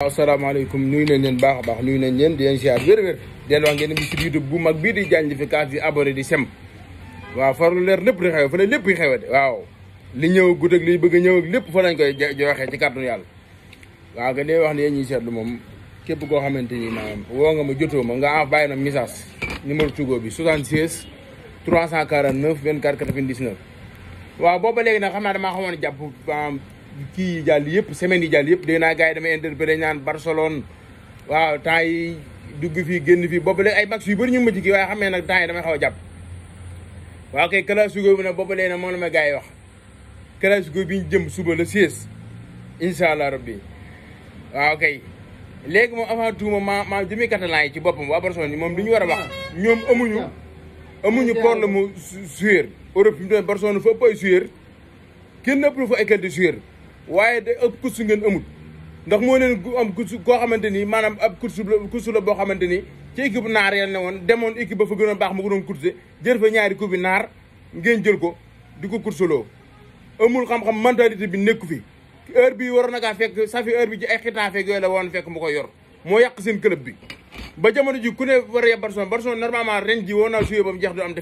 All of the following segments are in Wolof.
waaw salaamaaleykum nuyu nañ leen baax a baax nuyu nañ leen di leen ziar wér-wér di wax ngeen ngi si bu mag bii di Diagnifcas di abonné di sem waaw farlu leer lépp di xew fa la lépp yi xewe li ñëw gudd ak liy bëgg a ñëw lépp fa lañ koy joxee ci kàttanu yàlla waaw nga dee wax ne yéen ñuy seetlu moom képp koo xamante ni maanaam woo nga ma jotoo ma nga am bàyyi na message numéro Tigo bi 76 349 24 99 waaw booba léegi nag xam naa damaa xamoon jàpp ki jall jàll semaine yi jall yëpp dégg naa gars yi damay ñaan Barcelone waaw temps yi dugg fi génn fii boobu ay max yu bari ñu ma ci kii waaye xam ne nag yi damay xaw japp waaw kay class bi nag boobu léegi na mo la ma gars wax class bi ñu jëm suba le 16 inshallah rabbi waaw kay légui mo avant tout mo ma maa jëmi catalan yi ci bopam wa Barcelone mom li wara wax ñom amuñu amuñu problème mu Europe fi mu Barcelone fa pay ay joueur kenn ëpp fa ay qualité joueur waaye de ab kursu ngeen amul ndax moo leen am kursu koo xamante ni maanaam ab kursu la kursu la boo xamante ni ci équipe naar yal ne woon demoon équipe ba fa gën a baax mu ko doon kurse jël fa ñaari coupe bi naar ngeen jël ko di ko kurseloo amul xam-xam mentalité bi nekk fi heure bi waroon na kaa fekk safi heure bi ci ay xitaa fekk yooyu la woon fekk mu ko yor moo yàq seen club bi ba jamono ji ku ne war a Barcelone Barcelone normalement ren ji woo naa suyee ba mu jeex du am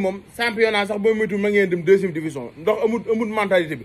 moom championnat sax boo moytu ngeen dem deuxième division ndox amul amul mentalité bi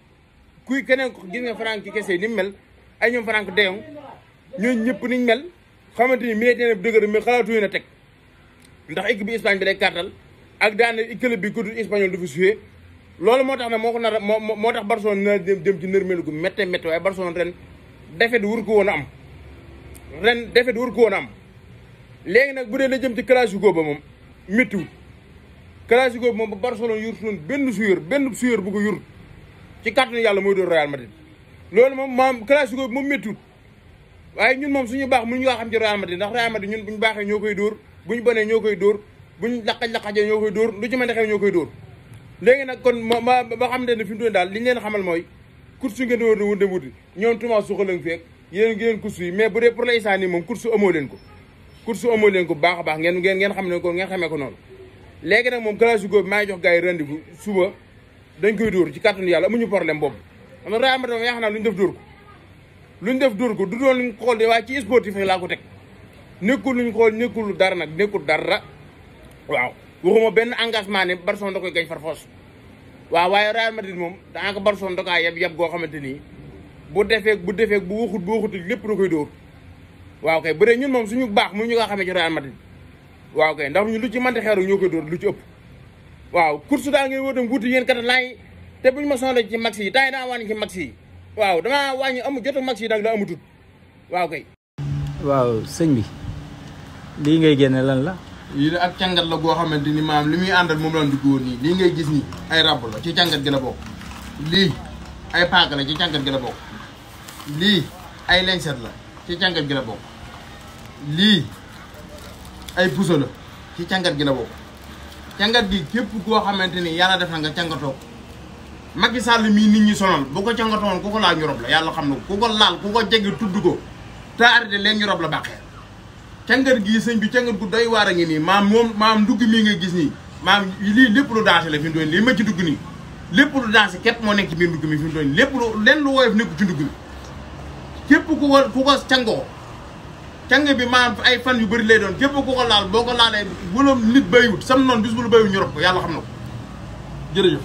kuy keneen gis nga Franck kese ni mu mel ay ñoom Franck Deyong ñooñu ñëpp niñ mel xamante ni militaire bi dëgër mais xalaatuñu na teg ndax équipe bi Espagne bi day kàttal ak daanaka club bi ku dul espagnol du fi suyee. loolu moo tax ne moo ko nar a moo moo tax Barcelone na dem ci nërmeelu gu méttee méttee waaye Barcelone ren défaite wur ko woon a am ren défaite wur ko woon a am léegi nag bu dee na jëm ci classico ba moom méttiwul classico ba moom ba Barcelone yurtu noonu benn joueur benn joueur bu ko ci kàttanu yàlla mooy dóor Real Madrid loolu moom maam classico bi moom méttiwut waaye ñun moom suñu baax mu mënuñu xam ci Real Madrid ndax Real Madrid ñun buñu baaxee ñoo koy dóor buñu bonee ñoo koy dóor buñ laqaj-laqajee ñoo koy dóor lu ci mën a xew ñoo koy dóor léegi nag kon ma ma ba xam ne fi mu toll daal li ñu leen xamal mooy course yu ngeen di wër di wuti ñoom Thomas Tuchel lañ yi mais bu dee pour l'instant moom course amoo leen ko course amoo leen ko baax a baax ngeen ngeen ngeen xam ne ko ngeen xamee ko noonu léegi nag moom classico bi maa ngi jox gars yi suba dañ koy dóor ci carton yalla amuñu problème boobu am nga Real dama yaxna luñ def dóor ko luñ def dóor ko du doon luñ xol de waaye ci sportif la ko tek nekul luñ xool nekkul dar nak nekul dara waaw waxuma ben engagement ni Barcelone da koy gagne far force waaw waaye Real Madrid da nga Barcelone da ka yeb yeb go xamanteni bu defé bu defé bu waxut bu waxut lepp da koy dóor waaw kay bu dee ñun mom suñu bax mu ñu nga xamé ci Real Madrid waaw kay ndax ñu lu ci man xeeru xéru koy dóor lu ci ëpp waaw course daal ngay wóotam wuti yéen kat laay te buñu ma sonal ci max yi taay daa wàññi ci max yi waaw damaa wàññi amu jotu max yi nag la amutut waaw kay. waaw sëñ bi lii ngay génne lan la. lii ak càngat la goo xamante ni maam li muy àndal moom la dugg nii lii ngay gis nii ay rab la ci càngat gi lii ay paaka la ci càngat gi la bokk lii ay lenset la ci càngat gi la bokk lii ay puso la ci càngat gi la bokk. cangat gi képp koo xamante ni yàlla def na nga cangatoo ko Macky Sall mii nit ñi sonal bu ko cangatoon ku ko laal ñu rob la yàlla xam na ku ko laal ku ko jege tudd ko te arrêté leen ñu rob la bàqee cangat gii sëñ bi cangat gu doy waar a ngi nii maam moom maam dugg mii nga gis nii maam lii lépp lu dansé la fi lii ma ci dugg nii lépp lu dansé képp moo nekk ci biir ndugg mi fi doon lépp lu lenn lu woyof nekku ci ndugg mi képp ku ko ku ko cangoo cangé bi maanaam ay fan yu bari lay doon képp ku ko laal boko laalé laalee nit béywut sam non bis bu la ñu rop yalla yàlla xam na ko jërëjëf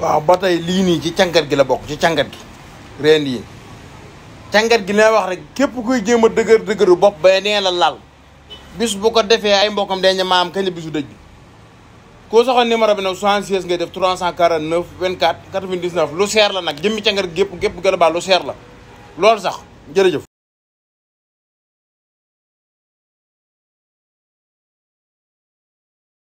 waaw ba tey lii nii ci cangat gi la bok ci cangat gi reen yi cangat gi ne wax rek képp kuy jema a dëgër dëgëru bay ne la laal bis bu ko defee ay mbokkam dañu maam kañ la bisu dëj ko koo numéro bi no 76 ngay def 349 24 99 lu seer la nak jëmi cangat gep gep gëna ba lu seer la lool sax jërëjëf